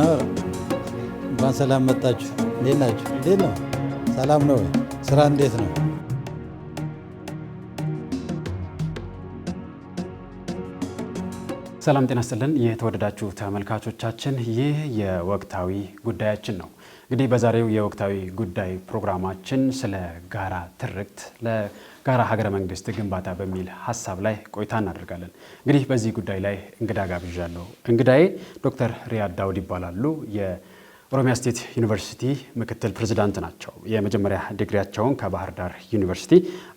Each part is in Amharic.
ነው። እንኳን ሰላም መጣችሁ። እንዴት ናችሁ? እንዴት ነው? ሰላም ነው? ስራ እንዴት ነው? ሰላም ጤና ስጥልን። የተወደዳችሁ ተመልካቾቻችን ይህ የወቅታዊ ጉዳያችን ነው። እንግዲህ በዛሬው የወቅታዊ ጉዳይ ፕሮግራማችን ስለ ጋራ ትርክት ለጋራ ሀገረ መንግስት ግንባታ በሚል ሀሳብ ላይ ቆይታ እናደርጋለን። እንግዲህ በዚህ ጉዳይ ላይ እንግዳ ጋብዣለሁ። እንግዳዬ ዶክተር ሪያድ ዳውድ ይባላሉ። የኦሮሚያ ስቴት ዩኒቨርሲቲ ምክትል ፕሬዚዳንት ናቸው። የመጀመሪያ ዲግሪያቸውን ከባህር ዳር ዩኒቨርሲቲ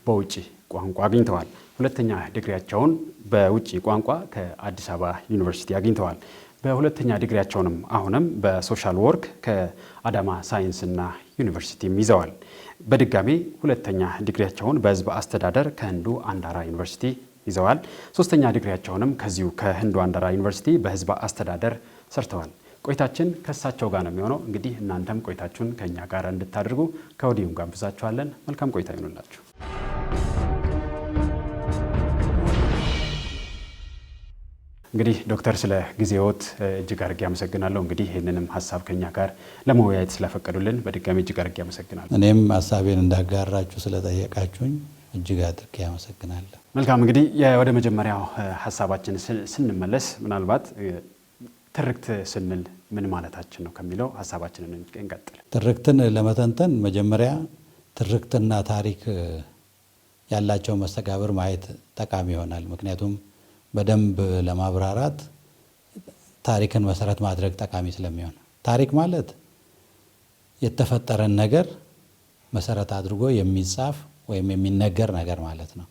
በውጭ ቋንቋ አግኝተዋል። ሁለተኛ ዲግሪያቸውን በውጭ ቋንቋ ከአዲስ አበባ ዩኒቨርሲቲ አግኝተዋል። በሁለተኛ ዲግሪያቸውንም አሁንም በሶሻል ወርክ ከአዳማ ሳይንስና ዩኒቨርሲቲም ይዘዋል። በድጋሚ ሁለተኛ ዲግሪያቸውን በህዝብ አስተዳደር ከህንዱ አንዳራ ዩኒቨርሲቲ ይዘዋል። ሶስተኛ ዲግሪያቸውንም ከዚሁ ከህንዱ አንዳራ ዩኒቨርሲቲ በህዝብ አስተዳደር ሰርተዋል። ቆይታችን ከእሳቸው ጋር ነው የሚሆነው። እንግዲህ እናንተም ቆይታችሁን ከእኛ ጋር እንድታደርጉ ከወዲሁም ጋብዛችኋለን። መልካም ቆይታ ይኑላችሁ እንግዲህ ዶክተር ስለ ጊዜዎት እጅግ አድርጌ አመሰግናለሁ። እንግዲህ ይህንንም ሀሳብ ከኛ ጋር ለመወያየት ስላፈቀዱልን በድጋሚ እጅግ አድርጌ አመሰግናለሁ። እኔም ሀሳቤን እንዳጋራችሁ ስለጠየቃችሁኝ እጅግ አድርጌ አመሰግናለሁ። መልካም እንግዲህ ወደ መጀመሪያው ሀሳባችን ስንመለስ ምናልባት ትርክት ስንል ምን ማለታችን ነው ከሚለው ሀሳባችንን እንቀጥል። ትርክትን ለመተንተን መጀመሪያ ትርክትና ታሪክ ያላቸው መስተጋብር ማየት ጠቃሚ ይሆናል። ምክንያቱም በደንብ ለማብራራት ታሪክን መሰረት ማድረግ ጠቃሚ ስለሚሆን ታሪክ ማለት የተፈጠረን ነገር መሰረት አድርጎ የሚጻፍ ወይም የሚነገር ነገር ማለት ነው።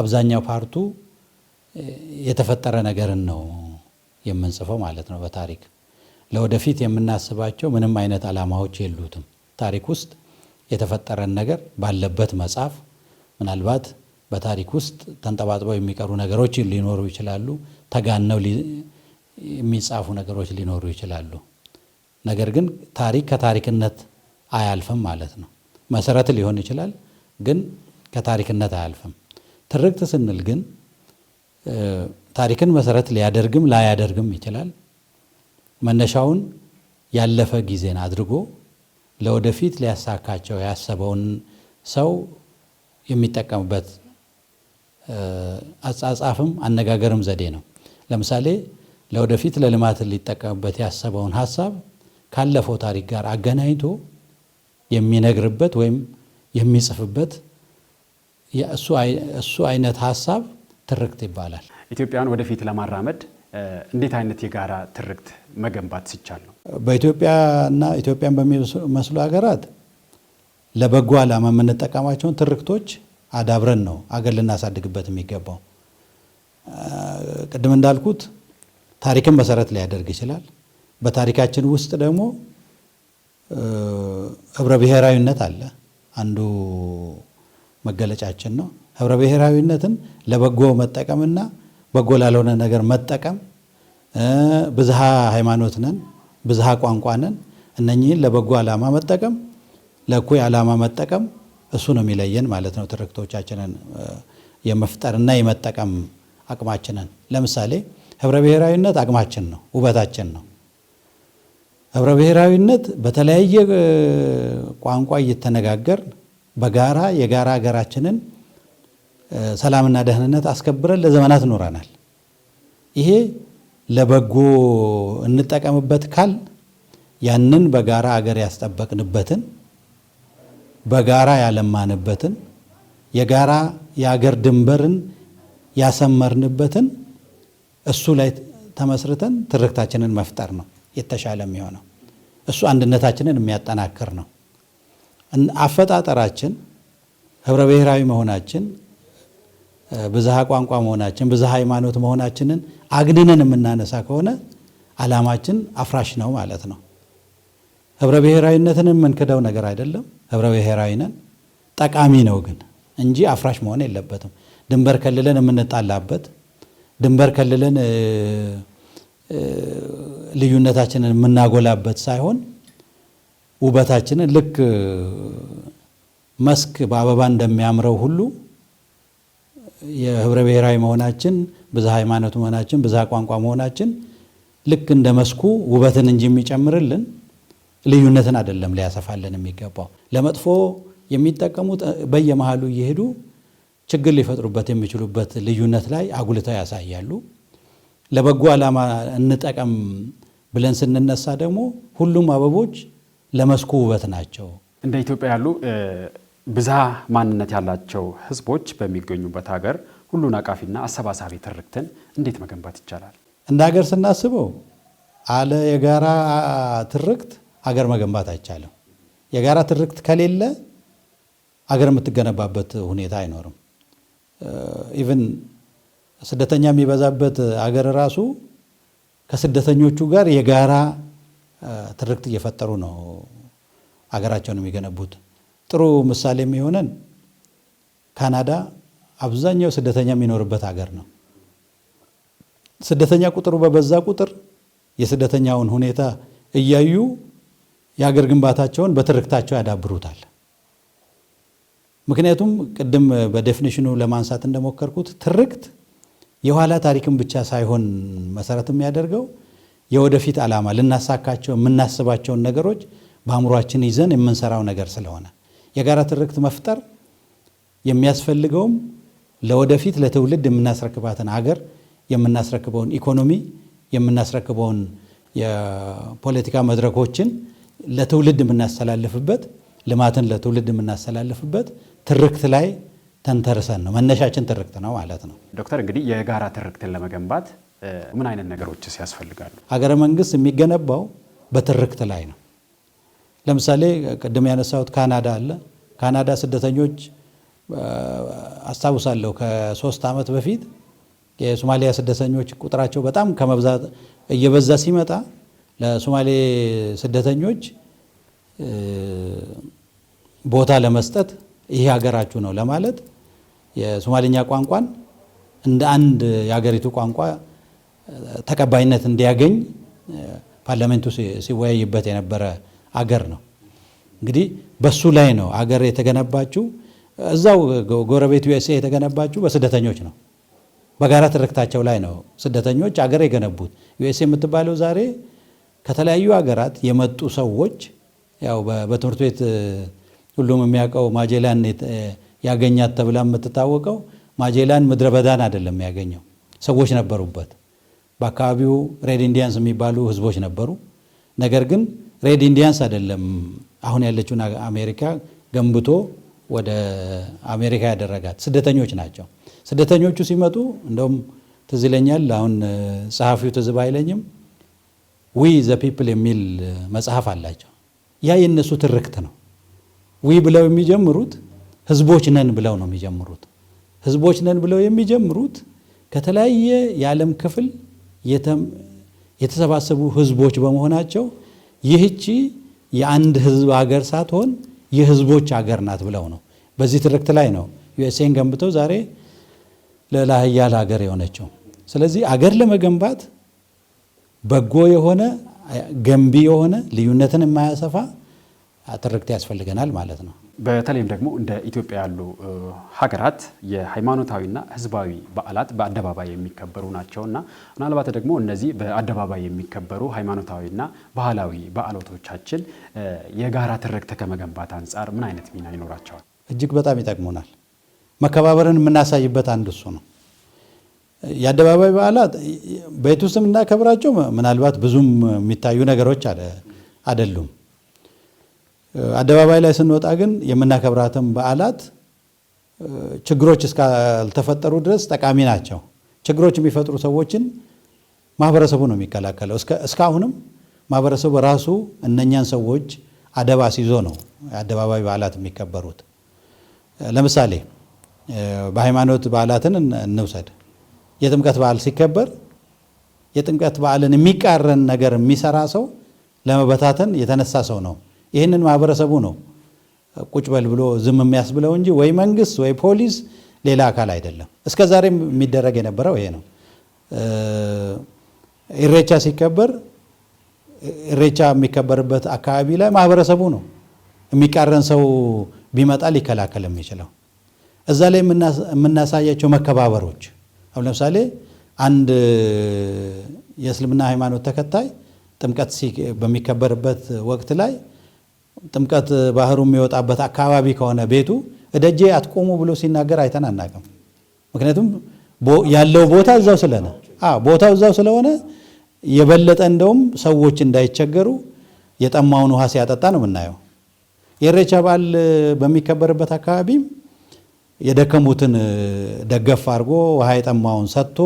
አብዛኛው ፓርቱ የተፈጠረ ነገርን ነው የምንጽፈው ማለት ነው። በታሪክ ለወደፊት የምናስባቸው ምንም አይነት ዓላማዎች የሉትም። ታሪክ ውስጥ የተፈጠረን ነገር ባለበት መጻፍ ምናልባት በታሪክ ውስጥ ተንጠባጥበው የሚቀሩ ነገሮች ሊኖሩ ይችላሉ። ተጋነው የሚጻፉ ነገሮች ሊኖሩ ይችላሉ። ነገር ግን ታሪክ ከታሪክነት አያልፍም ማለት ነው። መሰረት ሊሆን ይችላል፣ ግን ከታሪክነት አያልፍም። ትርክት ስንል ግን ታሪክን መሰረት ሊያደርግም ላያደርግም ይችላል። መነሻውን ያለፈ ጊዜን አድርጎ ለወደፊት ሊያሳካቸው ያሰበውን ሰው የሚጠቀምበት አጻጻፍም አነጋገርም ዘዴ ነው። ለምሳሌ ለወደፊት ለልማት ሊጠቀምበት ያሰበውን ሀሳብ ካለፈው ታሪክ ጋር አገናኝቶ የሚነግርበት ወይም የሚጽፍበት እሱ አይነት ሀሳብ ትርክት ይባላል። ኢትዮጵያን ወደፊት ለማራመድ እንዴት አይነት የጋራ ትርክት መገንባት ሲቻል ነው? በኢትዮጵያና ኢትዮጵያን በሚመስሉ ሀገራት ለበጎ ዓላማ የምንጠቀማቸውን ትርክቶች አዳብረን ነው አገር ልናሳድግበት የሚገባው። ቅድም እንዳልኩት ታሪክን መሰረት ሊያደርግ ይችላል። በታሪካችን ውስጥ ደግሞ ህብረ ብሔራዊነት አለ። አንዱ መገለጫችን ነው። ህብረ ብሔራዊነትን ለበጎ መጠቀምና በጎ ላልሆነ ነገር መጠቀም፣ ብዝሃ ሃይማኖት ነን፣ ብዝሃ ቋንቋ ነን። እነኚህን ለበጎ ዓላማ መጠቀም፣ ለእኩይ ዓላማ መጠቀም እሱ ነው የሚለየን ማለት ነው። ትርክቶቻችንን የመፍጠርና የመጠቀም አቅማችንን ለምሳሌ ህብረ ብሔራዊነት አቅማችን ነው፣ ውበታችን ነው። ህብረ ብሔራዊነት በተለያየ ቋንቋ እየተነጋገር በጋራ የጋራ ሀገራችንን ሰላምና ደህንነት አስከብረን ለዘመናት ኖረናል። ይሄ ለበጎ እንጠቀምበት ካል ያንን በጋራ አገር ያስጠበቅንበትን በጋራ ያለማንበትን የጋራ የአገር ድንበርን ያሰመርንበትን እሱ ላይ ተመስርተን ትርክታችንን መፍጠር ነው የተሻለ የሚሆነው። እሱ አንድነታችንን የሚያጠናክር ነው። አፈጣጠራችን፣ ህብረ ብሔራዊ መሆናችን፣ ብዝሃ ቋንቋ መሆናችን፣ ብዝሃ ሃይማኖት መሆናችንን አግድነን የምናነሳ ከሆነ አላማችን አፍራሽ ነው ማለት ነው። ህብረ ብሔራዊነትን የምንክደው ነገር አይደለም። ህብረ ብሔራዊ ነን። ጠቃሚ ነው ግን እንጂ አፍራሽ መሆን የለበትም። ድንበር ከልለን የምንጣላበት ድንበር ከልለን ልዩነታችንን የምናጎላበት ሳይሆን ውበታችንን ልክ መስክ በአበባ እንደሚያምረው ሁሉ የህብረ ብሔራዊ መሆናችን ብዛ ሃይማኖት መሆናችን ብዛ ቋንቋ መሆናችን ልክ እንደ መስኩ ውበትን እንጂ የሚጨምርልን ልዩነትን አይደለም ሊያሰፋልን የሚገባው። ለመጥፎ የሚጠቀሙት በየመሃሉ እየሄዱ ችግር ሊፈጥሩበት የሚችሉበት ልዩነት ላይ አጉልተው ያሳያሉ። ለበጎ ዓላማ እንጠቀም ብለን ስንነሳ ደግሞ ሁሉም አበቦች ለመስኩ ውበት ናቸው። እንደ ኢትዮጵያ ያሉ ብዝሃ ማንነት ያላቸው ህዝቦች በሚገኙበት ሀገር ሁሉን አቃፊና አሰባሳቢ ትርክትን እንዴት መገንባት ይቻላል? እንደ ሀገር ስናስበው አለ የጋራ ትርክት አገር መገንባት አይቻልም። የጋራ ትርክት ከሌለ አገር የምትገነባበት ሁኔታ አይኖርም። ኢቨን ስደተኛ የሚበዛበት አገር ራሱ ከስደተኞቹ ጋር የጋራ ትርክት እየፈጠሩ ነው አገራቸውን የሚገነቡት። ጥሩ ምሳሌ የሚሆነን ካናዳ አብዛኛው ስደተኛ የሚኖርበት አገር ነው። ስደተኛ ቁጥሩ በበዛ ቁጥር የስደተኛውን ሁኔታ እያዩ የአገር ግንባታቸውን በትርክታቸው ያዳብሩታል። ምክንያቱም ቅድም በዴፊኒሽኑ ለማንሳት እንደሞከርኩት ትርክት የኋላ ታሪክን ብቻ ሳይሆን መሰረት የሚያደርገው የወደፊት ዓላማ ልናሳካቸው የምናስባቸውን ነገሮች በአእምሯችን ይዘን የምንሰራው ነገር ስለሆነ የጋራ ትርክት መፍጠር የሚያስፈልገውም ለወደፊት ለትውልድ የምናስረክባትን አገር የምናስረክበውን ኢኮኖሚ የምናስረክበውን የፖለቲካ መድረኮችን ለትውልድ የምናስተላልፍበት ልማትን ለትውልድ የምናስተላልፍበት ትርክት ላይ ተንተርሰን ነው። መነሻችን ትርክት ነው ማለት ነው። ዶክተር እንግዲህ የጋራ ትርክትን ለመገንባት ምን አይነት ነገሮችስ ያስፈልጋሉ? ሀገረ መንግስት የሚገነባው በትርክት ላይ ነው። ለምሳሌ ቅድም ያነሳሁት ካናዳ አለ። ካናዳ ስደተኞች አስታውሳለሁ ከሶስት ዓመት በፊት የሶማሊያ ስደተኞች ቁጥራቸው በጣም ከመብዛት እየበዛ ሲመጣ ለሶማሌ ስደተኞች ቦታ ለመስጠት ይሄ ሀገራችሁ ነው ለማለት የሶማሌኛ ቋንቋን እንደ አንድ የሀገሪቱ ቋንቋ ተቀባይነት እንዲያገኝ ፓርላሜንቱ ሲወያይበት የነበረ አገር ነው። እንግዲህ በሱ ላይ ነው አገር የተገነባችው። እዛው ጎረቤት ዩኤስኤ የተገነባችው በስደተኞች ነው። በጋራ ትርክታቸው ላይ ነው ስደተኞች አገር የገነቡት። ዩኤስኤ የምትባለው ዛሬ ከተለያዩ ሀገራት የመጡ ሰዎች ያው በትምህርት ቤት ሁሉም የሚያውቀው ማጄላን ያገኛት ተብላ የምትታወቀው ማጄላን ምድረ በዳን አይደለም ያገኘው፣ ሰዎች ነበሩበት። በአካባቢው ሬድ ኢንዲያንስ የሚባሉ ህዝቦች ነበሩ። ነገር ግን ሬድ ኢንዲያንስ አይደለም አሁን ያለችውን አሜሪካ ገንብቶ ወደ አሜሪካ ያደረጋት፣ ስደተኞች ናቸው። ስደተኞቹ ሲመጡ እንደውም ትዝ ይለኛል አሁን ጸሐፊው ትዝ አይለኝም ዊ ዘ ፒፕል የሚል መጽሐፍ አላቸው። ያ የእነሱ ትርክት ነው። ዊ ብለው የሚጀምሩት ህዝቦች ነን ብለው ነው የሚጀምሩት። ህዝቦች ነን ብለው የሚጀምሩት ከተለያየ የዓለም ክፍል የተሰባሰቡ ህዝቦች በመሆናቸው ይህቺ የአንድ ህዝብ አገር ሳትሆን የህዝቦች አገር ናት ብለው ነው። በዚህ ትርክት ላይ ነው ዩኤስኤን ገንብተው ዛሬ ለላህያል ሀገር የሆነችው። ስለዚህ አገር ለመገንባት በጎ የሆነ ገንቢ የሆነ ልዩነትን የማያሰፋ ትርክት ያስፈልገናል ማለት ነው። በተለይም ደግሞ እንደ ኢትዮጵያ ያሉ ሀገራት የሃይማኖታዊና ሕዝባዊ በዓላት በአደባባይ የሚከበሩ እና ምናልባት ደግሞ እነዚህ በአደባባይ የሚከበሩ ሃይማኖታዊና ባህላዊ በዓሎቶቻችን የጋራ ትርክት ከመገንባት አንጻር ምን አይነት ሚና ይኖራቸዋል? እጅግ በጣም ይጠቅሙናል። መከባበርን የምናሳይበት አንድ እሱ ነው። የአደባባይ በዓላት ቤት ውስጥ የምናከብራቸው ምናልባት ብዙም የሚታዩ ነገሮች አይደሉም። አደባባይ ላይ ስንወጣ ግን የምናከብራትም በዓላት ችግሮች እስካልተፈጠሩ ድረስ ጠቃሚ ናቸው። ችግሮች የሚፈጥሩ ሰዎችን ማህበረሰቡ ነው የሚከላከለው። እስካሁንም ማህበረሰቡ ራሱ እነኛን ሰዎች አደባ ሲዞ ነው የአደባባይ በዓላት የሚከበሩት። ለምሳሌ በሃይማኖት በዓላትን እንውሰድ። የጥምቀት በዓል ሲከበር የጥምቀት በዓልን የሚቃረን ነገር የሚሰራ ሰው ለመበታተን የተነሳ ሰው ነው። ይህንን ማህበረሰቡ ነው ቁጭ በል ብሎ ዝም የሚያስብለው እንጂ ወይ መንግስት ወይ ፖሊስ፣ ሌላ አካል አይደለም። እስከ ዛሬም የሚደረግ የነበረው ይሄ ነው። ኢሬቻ ሲከበር ኢሬቻ የሚከበርበት አካባቢ ላይ ማህበረሰቡ ነው የሚቃረን ሰው ቢመጣ ሊከላከል የሚችለው። እዛ ላይ የምናሳያቸው መከባበሮች አሁን ለምሳሌ አንድ የእስልምና ሃይማኖት ተከታይ ጥምቀት በሚከበርበት ወቅት ላይ ጥምቀት ባህሩ የሚወጣበት አካባቢ ከሆነ ቤቱ እደጄ አትቆሙ ብሎ ሲናገር አይተን አናቅም። ምክንያቱም ያለው ቦታ እዛው ስለነ ቦታው እዛው ስለሆነ የበለጠ እንደውም ሰዎች እንዳይቸገሩ የጠማውን ውሃ ሲያጠጣ ነው የምናየው። የኢሬቻ በዓል በሚከበርበት አካባቢም የደከሙትን ደገፍ አድርጎ ውሃ የጠማውን ሰጥቶ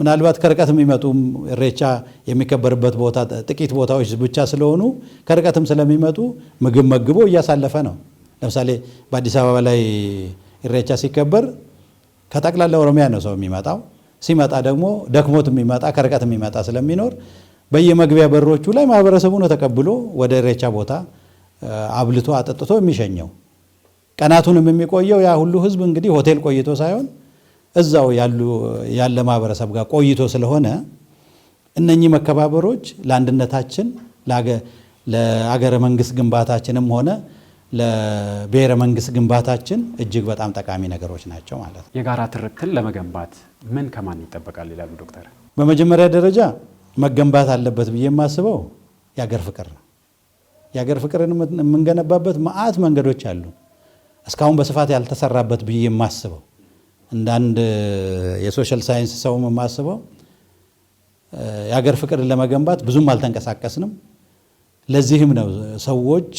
ምናልባት ከርቀት የሚመጡም እሬቻ የሚከበርበት ቦታ ጥቂት ቦታዎች ብቻ ስለሆኑ ከርቀትም ስለሚመጡ ምግብ መግቦ እያሳለፈ ነው። ለምሳሌ በአዲስ አበባ ላይ እሬቻ ሲከበር ከጠቅላላ ኦሮሚያ ነው ሰው የሚመጣው። ሲመጣ ደግሞ ደክሞት የሚመጣ ከርቀት የሚመጣ ስለሚኖር በየመግቢያ በሮቹ ላይ ማህበረሰቡ ነው ተቀብሎ ወደ እሬቻ ቦታ አብልቶ አጠጥቶ የሚሸኘው። ቀናቱንም የሚቆየው ያ ሁሉ ህዝብ እንግዲህ ሆቴል ቆይቶ ሳይሆን እዛው ያሉ ያለ ማህበረሰብ ጋር ቆይቶ ስለሆነ እነኚህ መከባበሮች ለአንድነታችን ለአገረ መንግስት ግንባታችንም ሆነ ለብሔረ መንግስት ግንባታችን እጅግ በጣም ጠቃሚ ነገሮች ናቸው ማለት ነው። የጋራ ትርክትን ለመገንባት ምን ከማን ይጠበቃል ይላሉ ዶክተር? በመጀመሪያ ደረጃ መገንባት አለበት ብዬ የማስበው የአገር ፍቅር ነው። የአገር ፍቅርን የምንገነባበት መዓት መንገዶች አሉ። እስካሁን በስፋት ያልተሰራበት ብዬ የማስበው እንደ አንድ የሶሻል ሳይንስ ሰውም የማስበው የሀገር ፍቅርን ለመገንባት ብዙም አልተንቀሳቀስንም። ለዚህም ነው ሰዎች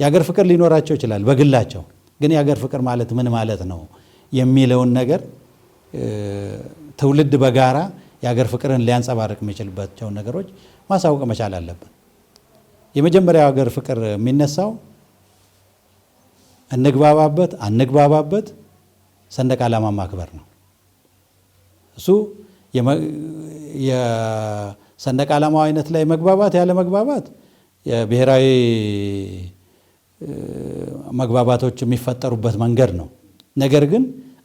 የሀገር ፍቅር ሊኖራቸው ይችላል በግላቸው ግን የሀገር ፍቅር ማለት ምን ማለት ነው የሚለውን ነገር ትውልድ በጋራ የሀገር ፍቅርን ሊያንጸባርቅ የሚችልባቸውን ነገሮች ማሳወቅ መቻል አለብን። የመጀመሪያው አገር ፍቅር የሚነሳው እንግባባበት አንግባባበት ሰንደቅ ዓላማ ማክበር ነው። እሱ የሰንደቅ ዓላማው አይነት ላይ መግባባት ያለ መግባባት የብሔራዊ መግባባቶች የሚፈጠሩበት መንገድ ነው። ነገር ግን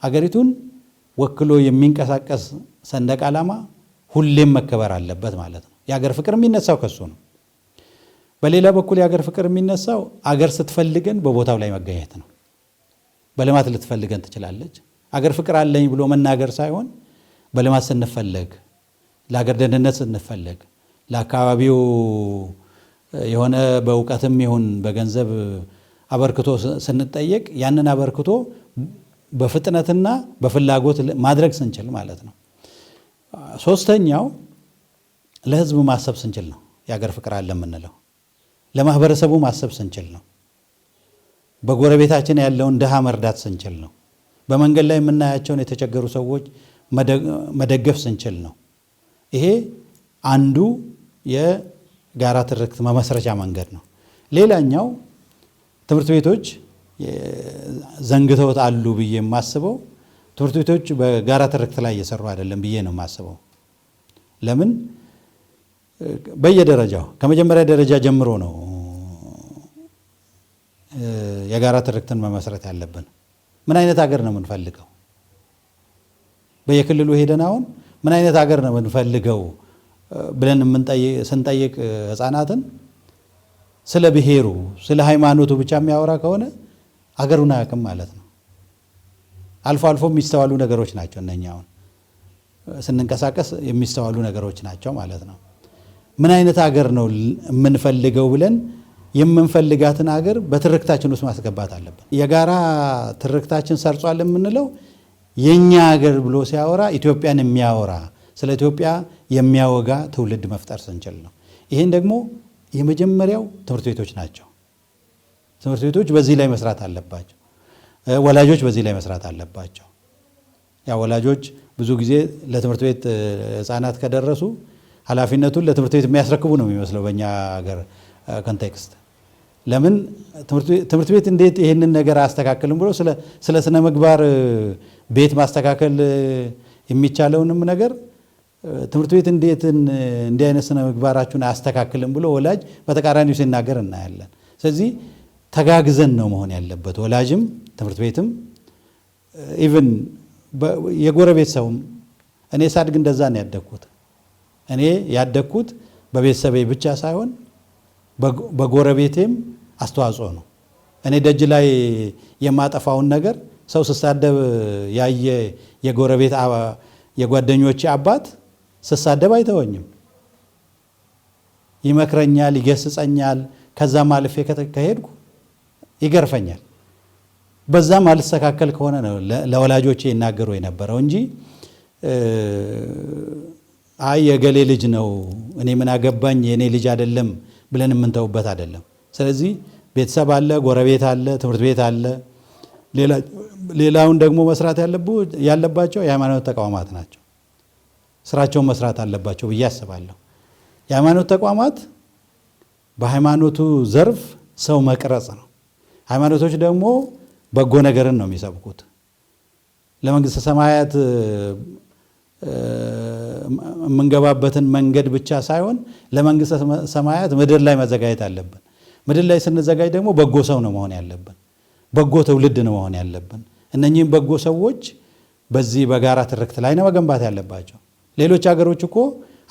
አገሪቱን ወክሎ የሚንቀሳቀስ ሰንደቅ ዓላማ ሁሌም መከበር አለበት ማለት ነው። የአገር ፍቅር የሚነሳው ከሱ ነው። በሌላ በኩል የሀገር ፍቅር የሚነሳው አገር ስትፈልገን በቦታው ላይ መገኘት ነው። በልማት ልትፈልገን ትችላለች። አገር ፍቅር አለኝ ብሎ መናገር ሳይሆን በልማት ስንፈለግ፣ ለሀገር ደህንነት ስንፈለግ፣ ለአካባቢው የሆነ በእውቀትም ይሁን በገንዘብ አበርክቶ ስንጠየቅ ያንን አበርክቶ በፍጥነትና በፍላጎት ማድረግ ስንችል ማለት ነው። ሶስተኛው ለህዝብ ማሰብ ስንችል ነው የአገር ፍቅር አለ የምንለው። ለማህበረሰቡ ማሰብ ስንችል ነው። በጎረቤታችን ያለውን ድሃ መርዳት ስንችል ነው። በመንገድ ላይ የምናያቸውን የተቸገሩ ሰዎች መደገፍ ስንችል ነው። ይሄ አንዱ የጋራ ትርክት መመስረቻ መንገድ ነው። ሌላኛው ትምህርት ቤቶች ዘንግተውት አሉ ብዬ የማስበው ትምህርት ቤቶች በጋራ ትርክት ላይ እየሰሩ አይደለም ብዬ ነው የማስበው ለምን በየደረጃው ከመጀመሪያ ደረጃ ጀምሮ ነው የጋራ ትርክትን መመስረት ያለብን። ምን አይነት ሀገር ነው የምንፈልገው? በየክልሉ ሄደን አሁን ምን አይነት ሀገር ነው የምንፈልገው ብለን ስንጠይቅ ህፃናትን ስለ ብሔሩ ስለ ሃይማኖቱ ብቻ የሚያወራ ከሆነ አገሩን አያውቅም ማለት ነው። አልፎ አልፎ የሚስተዋሉ ነገሮች ናቸው እነኛውን አሁን ስንንቀሳቀስ የሚስተዋሉ ነገሮች ናቸው ማለት ነው። ምን አይነት ሀገር ነው የምንፈልገው ብለን የምንፈልጋትን ሀገር በትርክታችን ውስጥ ማስገባት አለብን። የጋራ ትርክታችን ሰርጿል የምንለው የእኛ ሀገር ብሎ ሲያወራ ኢትዮጵያን የሚያወራ ስለ ኢትዮጵያ የሚያወጋ ትውልድ መፍጠር ስንችል ነው። ይህን ደግሞ የመጀመሪያው ትምህርት ቤቶች ናቸው። ትምህርት ቤቶች በዚህ ላይ መስራት አለባቸው። ወላጆች በዚህ ላይ መስራት አለባቸው። ያ ወላጆች ብዙ ጊዜ ለትምህርት ቤት ህፃናት ከደረሱ ኃላፊነቱን ለትምህርት ቤት የሚያስረክቡ ነው የሚመስለው በእኛ ሀገር ኮንቴክስት። ለምን ትምህርት ቤት እንዴት ይህንን ነገር አያስተካክልም ብሎ ስለ ስነ ምግባር ቤት ማስተካከል የሚቻለውንም ነገር ትምህርት ቤት እንዴት እንዲህ አይነት ስነ ምግባራችሁን አያስተካክልም ብሎ ወላጅ በተቃራኒው ሲናገር እናያለን። ስለዚህ ተጋግዘን ነው መሆን ያለበት፣ ወላጅም ትምህርት ቤትም ኢቨን የጎረቤት ሰውም። እኔ ሳድግ እንደዛ ነው ያደግኩት። እኔ ያደግኩት በቤተሰቤ ብቻ ሳይሆን በጎረቤቴም አስተዋጽኦ ነው። እኔ ደጅ ላይ የማጠፋውን ነገር ሰው ስሳደብ ያየ የጎረቤት የጓደኞች አባት ስሳደብ አይተወኝም። ይመክረኛል፣ ይገስጸኛል። ከዛም አልፌ ከሄድኩ ይገርፈኛል። በዛም አልስተካከል ከሆነ ነው ለወላጆቼ ይናገሩ የነበረው እንጂ አይ የገሌ ልጅ ነው እኔ ምን አገባኝ የእኔ ልጅ አይደለም ብለን የምንተውበት አይደለም። ስለዚህ ቤተሰብ አለ፣ ጎረቤት አለ፣ ትምህርት ቤት አለ። ሌላውን ደግሞ መስራት ያለባቸው የሃይማኖት ተቋማት ናቸው። ስራቸውን መስራት አለባቸው ብዬ አስባለሁ። የሃይማኖት ተቋማት በሃይማኖቱ ዘርፍ ሰው መቅረጽ ነው። ሃይማኖቶች ደግሞ በጎ ነገርን ነው የሚሰብኩት ለመንግስተ ሰማያት የምንገባበትን መንገድ ብቻ ሳይሆን ለመንግስተ ሰማያት ምድር ላይ መዘጋጀት አለብን። ምድር ላይ ስንዘጋጅ ደግሞ በጎ ሰው ነው መሆን ያለብን፣ በጎ ትውልድ ነው መሆን ያለብን። እነኚህም በጎ ሰዎች በዚህ በጋራ ትርክት ላይ ነው መገንባት ያለባቸው። ሌሎች ሀገሮች እኮ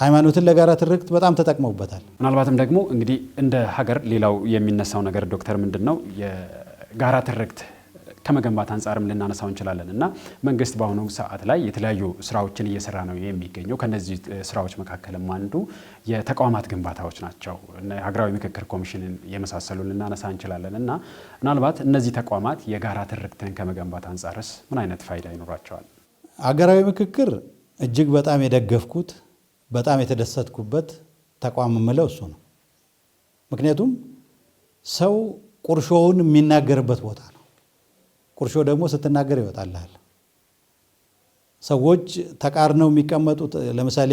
ሃይማኖትን ለጋራ ትርክት በጣም ተጠቅመውበታል። ምናልባትም ደግሞ እንግዲህ እንደ ሀገር ሌላው የሚነሳው ነገር ዶክተር ምንድን ነው የጋራ ትርክት ከመገንባት አንጻርም ልናነሳው እንችላለን እና መንግስት በአሁኑ ሰዓት ላይ የተለያዩ ስራዎችን እየሰራ ነው የሚገኘው። ከነዚህ ስራዎች መካከልም አንዱ የተቋማት ግንባታዎች ናቸው። ሀገራዊ ምክክር ኮሚሽንን የመሳሰሉ ልናነሳ እንችላለን እና ምናልባት እነዚህ ተቋማት የጋራ ትርክትን ከመገንባት አንጻርስ ምን አይነት ፋይዳ ይኖራቸዋል? ሀገራዊ ምክክር እጅግ በጣም የደገፍኩት በጣም የተደሰትኩበት ተቋም የምለው እሱ ነው። ምክንያቱም ሰው ቁርሾውን የሚናገርበት ቦታ ነው። ቁርሾ ደግሞ ስትናገር ይወጣልሃል። ሰዎች ተቃርነው የሚቀመጡት ለምሳሌ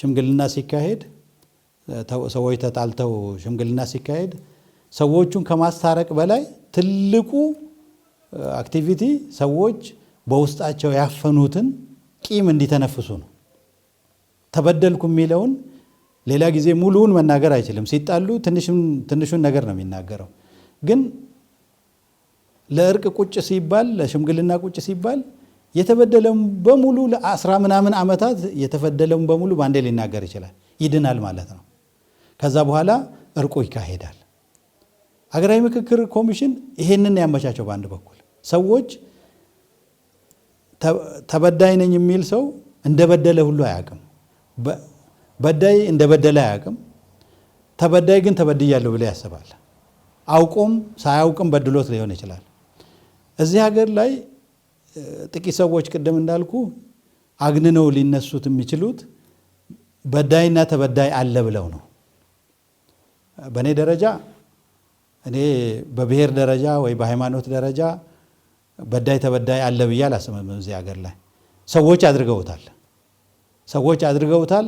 ሽምግልና ሲካሄድ ሰዎች ተጣልተው ሽምግልና ሲካሄድ ሰዎቹን ከማስታረቅ በላይ ትልቁ አክቲቪቲ ሰዎች በውስጣቸው ያፈኑትን ቂም እንዲተነፍሱ ነው። ተበደልኩ የሚለውን ሌላ ጊዜ ሙሉውን መናገር አይችልም። ሲጣሉ ትንሹን ነገር ነው የሚናገረው ግን ለእርቅ ቁጭ ሲባል ለሽምግልና ቁጭ ሲባል የተበደለም በሙሉ ለአስራ ምናምን ዓመታት የተበደለም በሙሉ በአንዴ ሊናገር ይችላል፣ ይድናል ማለት ነው። ከዛ በኋላ እርቁ ይካሄዳል። ሀገራዊ ምክክር ኮሚሽን ይሄንን ያመቻቸው። በአንድ በኩል ሰዎች ተበዳይ ነኝ የሚል ሰው እንደበደለ ሁሉ አያውቅም። በዳይ እንደበደለ አያውቅም። ተበዳይ ግን ተበድያለሁ ብሎ ያስባል። አውቆም ሳያውቅም በድሎት ሊሆን ይችላል። እዚህ ሀገር ላይ ጥቂት ሰዎች ቅድም እንዳልኩ አግንነው ሊነሱት የሚችሉት በዳይና ተበዳይ አለ ብለው ነው። በእኔ ደረጃ እኔ በብሔር ደረጃ ወይ በሃይማኖት ደረጃ በዳይ ተበዳይ አለ ብዬ አላስብም። እዚህ ሀገር ላይ ሰዎች አድርገውታል፣ ሰዎች አድርገውታል።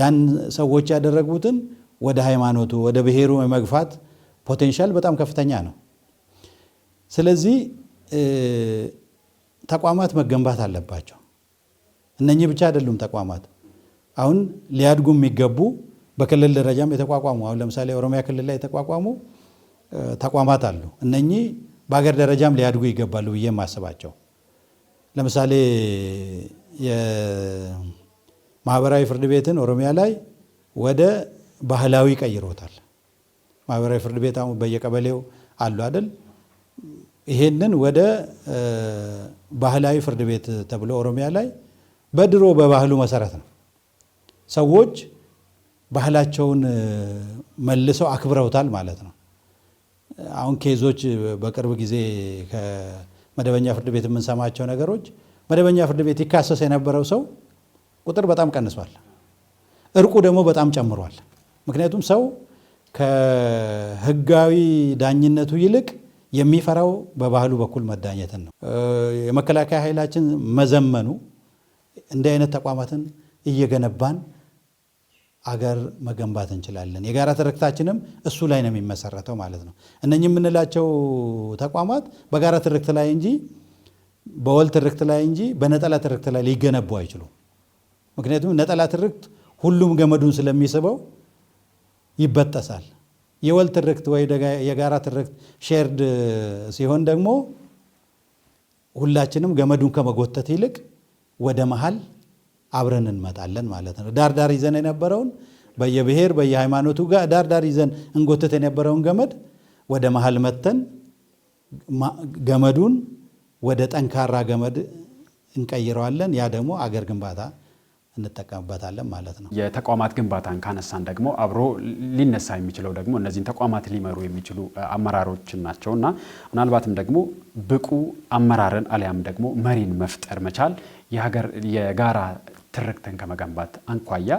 ያን ሰዎች ያደረጉትን ወደ ሃይማኖቱ ወደ ብሔሩ የመግፋት ፖቴንሻል በጣም ከፍተኛ ነው። ስለዚህ ተቋማት መገንባት አለባቸው። እነኚህ ብቻ አይደሉም ተቋማት አሁን ሊያድጉ የሚገቡ በክልል ደረጃም የተቋቋሙ አሁን ለምሳሌ ኦሮሚያ ክልል ላይ የተቋቋሙ ተቋማት አሉ። እነኚህ በሀገር ደረጃም ሊያድጉ ይገባሉ ብዬ የማስባቸው ለምሳሌ የማህበራዊ ፍርድ ቤትን ኦሮሚያ ላይ ወደ ባህላዊ ቀይሮታል። ማህበራዊ ፍርድ ቤት አሁን በየቀበሌው አሉ አይደል? ይሄንን ወደ ባህላዊ ፍርድ ቤት ተብሎ ኦሮሚያ ላይ በድሮ በባህሉ መሰረት ነው ሰዎች ባህላቸውን መልሰው አክብረውታል ማለት ነው። አሁን ኬዞች በቅርብ ጊዜ ከመደበኛ ፍርድ ቤት የምንሰማቸው ነገሮች መደበኛ ፍርድ ቤት ይካሰስ የነበረው ሰው ቁጥር በጣም ቀንሷል፣ እርቁ ደግሞ በጣም ጨምሯል። ምክንያቱም ሰው ከህጋዊ ዳኝነቱ ይልቅ የሚፈራው በባህሉ በኩል መዳኘትን ነው። የመከላከያ ኃይላችን መዘመኑ እንዲህ አይነት ተቋማትን እየገነባን አገር መገንባት እንችላለን። የጋራ ትርክታችንም እሱ ላይ ነው የሚመሰረተው ማለት ነው። እነኚህ የምንላቸው ተቋማት በጋራ ትርክት ላይ እንጂ በወል ትርክት ላይ እንጂ በነጠላ ትርክት ላይ ሊገነቡ አይችሉም። ምክንያቱም ነጠላ ትርክት ሁሉም ገመዱን ስለሚስበው ይበጠሳል። የወል ትርክት ወይ የጋራ ትርክት ሼርድ ሲሆን ደግሞ ሁላችንም ገመዱን ከመጎተት ይልቅ ወደ መሀል አብረን እንመጣለን ማለት ነው። ዳርዳር ይዘን የነበረውን በየብሔር በየሃይማኖቱ ጋር ዳርዳር ይዘን እንጎተት የነበረውን ገመድ ወደ መሀል መተን ገመዱን ወደ ጠንካራ ገመድ እንቀይረዋለን። ያ ደግሞ አገር ግንባታ እንጠቀምበታለን ማለት ነው። የተቋማት ግንባታን ካነሳን ደግሞ አብሮ ሊነሳ የሚችለው ደግሞ እነዚህን ተቋማት ሊመሩ የሚችሉ አመራሮችን ናቸው እና ምናልባትም ደግሞ ብቁ አመራርን አሊያም ደግሞ መሪን መፍጠር መቻል የሀገር የጋራ ትርክትን ከመገንባት አንኳያ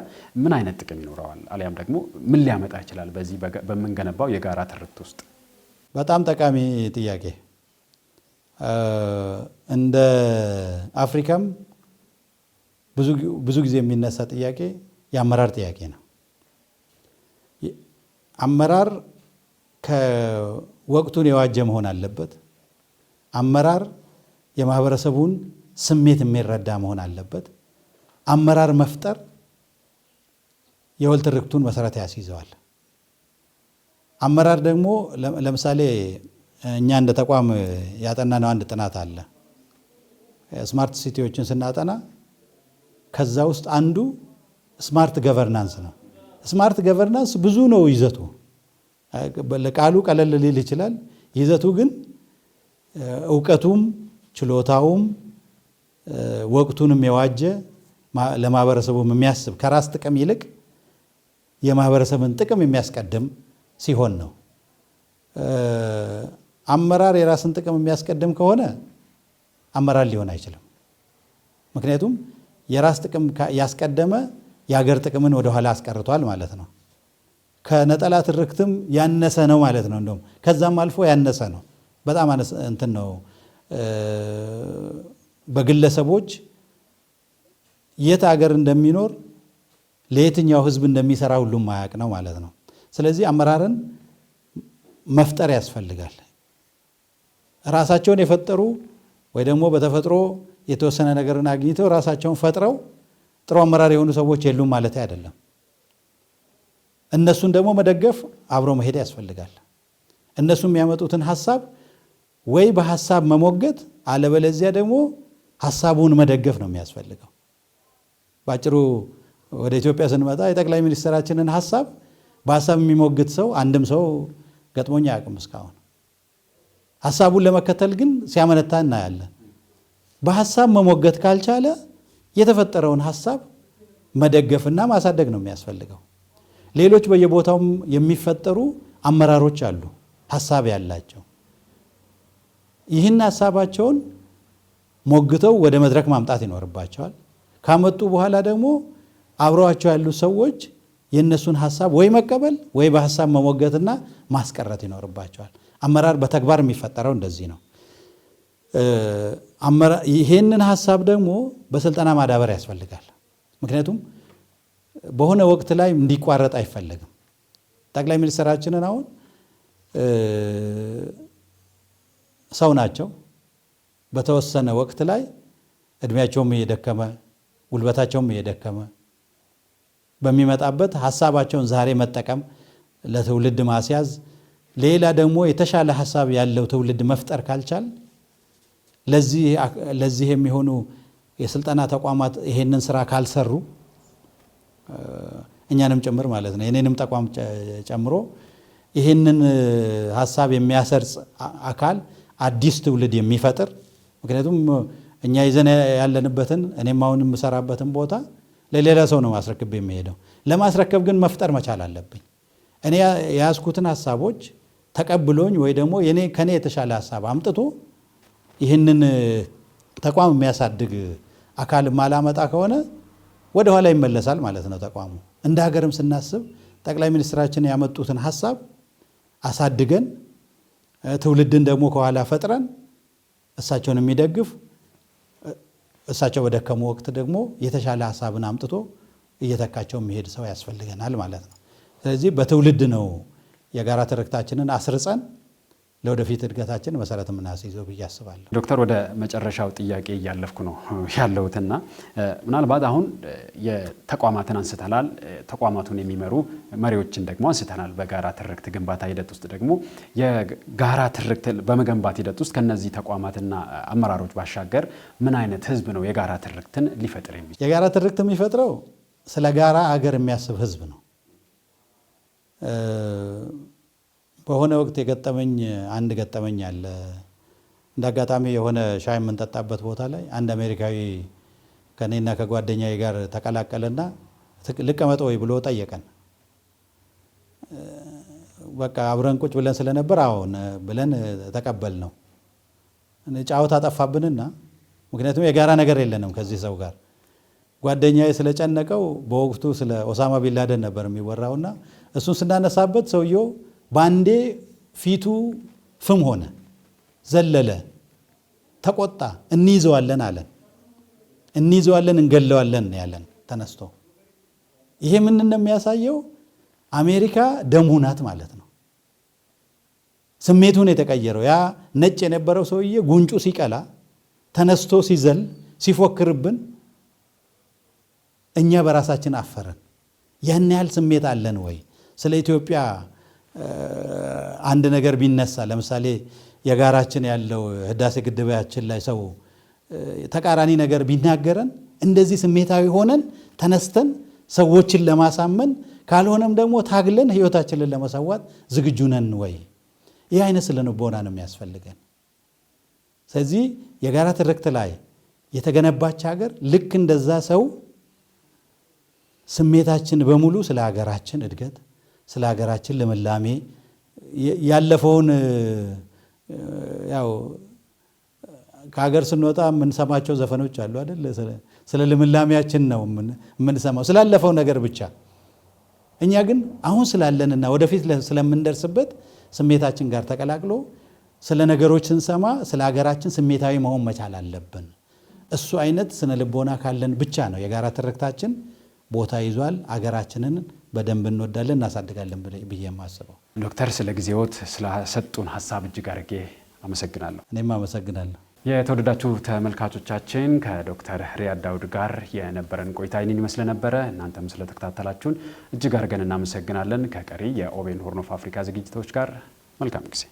ምን አይነት ጥቅም ይኖረዋል? አሊያም ደግሞ ምን ሊያመጣ ይችላል? በዚህ በምንገነባው የጋራ ትርክት ውስጥ በጣም ጠቃሚ ጥያቄ እንደ አፍሪካም ብዙ ጊዜ የሚነሳ ጥያቄ የአመራር ጥያቄ ነው። አመራር ከወቅቱን የዋጀ መሆን አለበት። አመራር የማህበረሰቡን ስሜት የሚረዳ መሆን አለበት። አመራር መፍጠር የወልት ርክቱን መሰረት ያስይዘዋል። አመራር ደግሞ ለምሳሌ እኛ እንደ ተቋም ያጠናነው አንድ ጥናት አለ። ስማርት ሲቲዎችን ስናጠና ከዛ ውስጥ አንዱ ስማርት ገቨርናንስ ነው። ስማርት ገቨርናንስ ብዙ ነው ይዘቱ። ቃሉ ቀለል ሊል ይችላል። ይዘቱ ግን እውቀቱም ችሎታውም ወቅቱንም የዋጀ ለማህበረሰቡም የሚያስብ ከራስ ጥቅም ይልቅ የማህበረሰብን ጥቅም የሚያስቀድም ሲሆን ነው። አመራር የራስን ጥቅም የሚያስቀድም ከሆነ አመራር ሊሆን አይችልም። ምክንያቱም የራስ ጥቅም ያስቀደመ የሀገር ጥቅምን ወደኋላ አስቀርቷል ማለት ነው። ከነጠላ ትርክትም ያነሰ ነው ማለት ነው። እንደውም ከዛም አልፎ ያነሰ ነው። በጣም እንትን ነው። በግለሰቦች የት ሀገር እንደሚኖር ለየትኛው ህዝብ እንደሚሰራ ሁሉም ማያቅ ነው ማለት ነው። ስለዚህ አመራርን መፍጠር ያስፈልጋል። ራሳቸውን የፈጠሩ ወይ ደግሞ በተፈጥሮ የተወሰነ ነገርን አግኝተው ራሳቸውን ፈጥረው ጥሩ አመራር የሆኑ ሰዎች የሉም ማለት አይደለም። እነሱን ደግሞ መደገፍ አብሮ መሄድ ያስፈልጋል። እነሱ የሚያመጡትን ሀሳብ ወይ በሀሳብ መሞገት አለበለዚያ ደግሞ ሀሳቡን መደገፍ ነው የሚያስፈልገው። በአጭሩ ወደ ኢትዮጵያ ስንመጣ የጠቅላይ ሚኒስትራችንን ሀሳብ በሀሳብ የሚሞግት ሰው አንድም ሰው ገጥሞኛ አያውቅም እስካሁን። ሀሳቡን ለመከተል ግን ሲያመነታ እናያለን። በሀሳብ መሞገት ካልቻለ የተፈጠረውን ሀሳብ መደገፍና ማሳደግ ነው የሚያስፈልገው። ሌሎች በየቦታውም የሚፈጠሩ አመራሮች አሉ፣ ሀሳብ ያላቸው። ይህን ሀሳባቸውን ሞግተው ወደ መድረክ ማምጣት ይኖርባቸዋል። ካመጡ በኋላ ደግሞ አብረዋቸው ያሉ ሰዎች የእነሱን ሀሳብ ወይ መቀበል ወይ በሀሳብ መሞገትና ማስቀረት ይኖርባቸዋል። አመራር በተግባር የሚፈጠረው እንደዚህ ነው። ይሄንን ሀሳብ ደግሞ በስልጠና ማዳበር ያስፈልጋል። ምክንያቱም በሆነ ወቅት ላይ እንዲቋረጥ አይፈለግም። ጠቅላይ ሚኒስትራችንን አሁን ሰው ናቸው። በተወሰነ ወቅት ላይ እድሜያቸውም እየደከመ ጉልበታቸውም እየደከመ በሚመጣበት ሀሳባቸውን ዛሬ መጠቀም ለትውልድ ማስያዝ፣ ሌላ ደግሞ የተሻለ ሀሳብ ያለው ትውልድ መፍጠር ካልቻል ለዚህ የሚሆኑ የስልጠና ተቋማት ይሄንን ስራ ካልሰሩ እኛንም ጭምር ማለት ነው የኔንም ተቋም ጨምሮ ይህንን ሀሳብ የሚያሰርጽ አካል አዲስ ትውልድ የሚፈጥር ምክንያቱም እኛ ይዘን ያለንበትን እኔም አሁን የምሰራበትን ቦታ ለሌላ ሰው ነው ማስረክብ የሚሄደው። ለማስረከብ ግን መፍጠር መቻል አለብኝ። እኔ የያዝኩትን ሀሳቦች ተቀብሎኝ ወይ ደግሞ ከኔ የተሻለ ሀሳብ አምጥቶ ይህንን ተቋም የሚያሳድግ አካል ማላመጣ ከሆነ ወደኋላ ይመለሳል ማለት ነው ተቋሙ። እንደ ሀገርም ስናስብ ጠቅላይ ሚኒስትራችን ያመጡትን ሀሳብ አሳድገን ትውልድን ደግሞ ከኋላ ፈጥረን እሳቸውን የሚደግፍ እሳቸው በደከሙ ወቅት ደግሞ የተሻለ ሀሳብን አምጥቶ እየተካቸው የሚሄድ ሰው ያስፈልገናል ማለት ነው። ስለዚህ በትውልድ ነው የጋራ ትርክታችንን አስርጸን ለወደፊት እድገታችን መሰረት የምናስይዘው ብዬ አስባለሁ። ዶክተር ወደ መጨረሻው ጥያቄ እያለፍኩ ነው ያለሁትና ምናልባት አሁን የተቋማትን አንስተናል፣ ተቋማቱን የሚመሩ መሪዎችን ደግሞ አንስተናል። በጋራ ትርክት ግንባታ ሂደት ውስጥ ደግሞ የጋራ ትርክት በመገንባት ሂደት ውስጥ ከነዚህ ተቋማትና አመራሮች ባሻገር ምን አይነት ህዝብ ነው የጋራ ትርክትን ሊፈጥር የሚ የጋራ ትርክት የሚፈጥረው ስለ ጋራ አገር የሚያስብ ህዝብ ነው። በሆነ ወቅት የገጠመኝ አንድ ገጠመኝ አለ። እንደ አጋጣሚ የሆነ ሻይ የምንጠጣበት ቦታ ላይ አንድ አሜሪካዊ ከእኔና ከጓደኛዬ ጋር ተቀላቀለና ልቀመጥ ወይ ብሎ ጠየቀን። በቃ አብረን ቁጭ ብለን ስለነበር አሁን ብለን ተቀበል ነው። ጫወታ ጠፋብንና ምክንያቱም የጋራ ነገር የለንም ከዚህ ሰው ጋር። ጓደኛዬ ስለጨነቀው በወቅቱ ስለ ኦሳማ ቢላደን ነበር የሚወራውና እሱን ስናነሳበት ሰውየው ባንዴ ፊቱ ፍም ሆነ፣ ዘለለ፣ ተቆጣ። እንይዘዋለን አለን፣ እንይዘዋለን፣ እንገለዋለን ያለን ተነስቶ። ይሄ ምን እንደሚያሳየው አሜሪካ ደሙ ናት ማለት ነው። ስሜቱን የተቀየረው ያ ነጭ የነበረው ሰውዬ ጉንጩ ሲቀላ ተነስቶ ሲዘል ሲፎክርብን እኛ በራሳችን አፈረን ያን ያህል ስሜት አለን ወይ ስለ ኢትዮጵያ አንድ ነገር ቢነሳ ለምሳሌ የጋራችን ያለው ህዳሴ ግድባችን ላይ ሰው ተቃራኒ ነገር ቢናገረን እንደዚህ ስሜታዊ ሆነን ተነስተን ሰዎችን ለማሳመን ካልሆነም ደግሞ ታግለን ህይወታችንን ለመሰዋት ዝግጁ ነን ወይ? ይህ አይነት ስነ ልቦና ነው የሚያስፈልገን። ስለዚህ የጋራ ትርክት ላይ የተገነባች ሀገር ልክ እንደዛ ሰው ስሜታችን በሙሉ ስለ ሀገራችን እድገት ስለ ሀገራችን ልምላሜ ያለፈውን ያው ከሀገር ስንወጣ የምንሰማቸው ዘፈኖች አሉ አይደል? ስለ ልምላሜያችን ነው የምንሰማው፣ ስላለፈው ነገር ብቻ። እኛ ግን አሁን ስላለንና ወደፊት ስለምንደርስበት ስሜታችን ጋር ተቀላቅሎ ስለ ነገሮች ስንሰማ ስለ ሀገራችን ስሜታዊ መሆን መቻል አለብን። እሱ አይነት ስነ ልቦና ካለን ብቻ ነው የጋራ ትርክታችን ቦታ ይዟል አገራችንን በደንብ እንወዳለን እናሳድጋለን ብዬ የማስበው። ዶክተር ስለ ጊዜዎት ስለሰጡን ሀሳብ እጅግ አድርጌ አመሰግናለሁ። እኔም አመሰግናለሁ። የተወደዳችሁ ተመልካቾቻችን ከዶክተር ሪያድ ዳውድ ጋር የነበረን ቆይታ ይህንን ይመስል ነበረ። እናንተም ስለተከታተላችሁን እጅግ አድርገን እናመሰግናለን። ከቀሪ የኦቤን ሆርን ኦፍ አፍሪካ ዝግጅቶች ጋር መልካም ጊዜ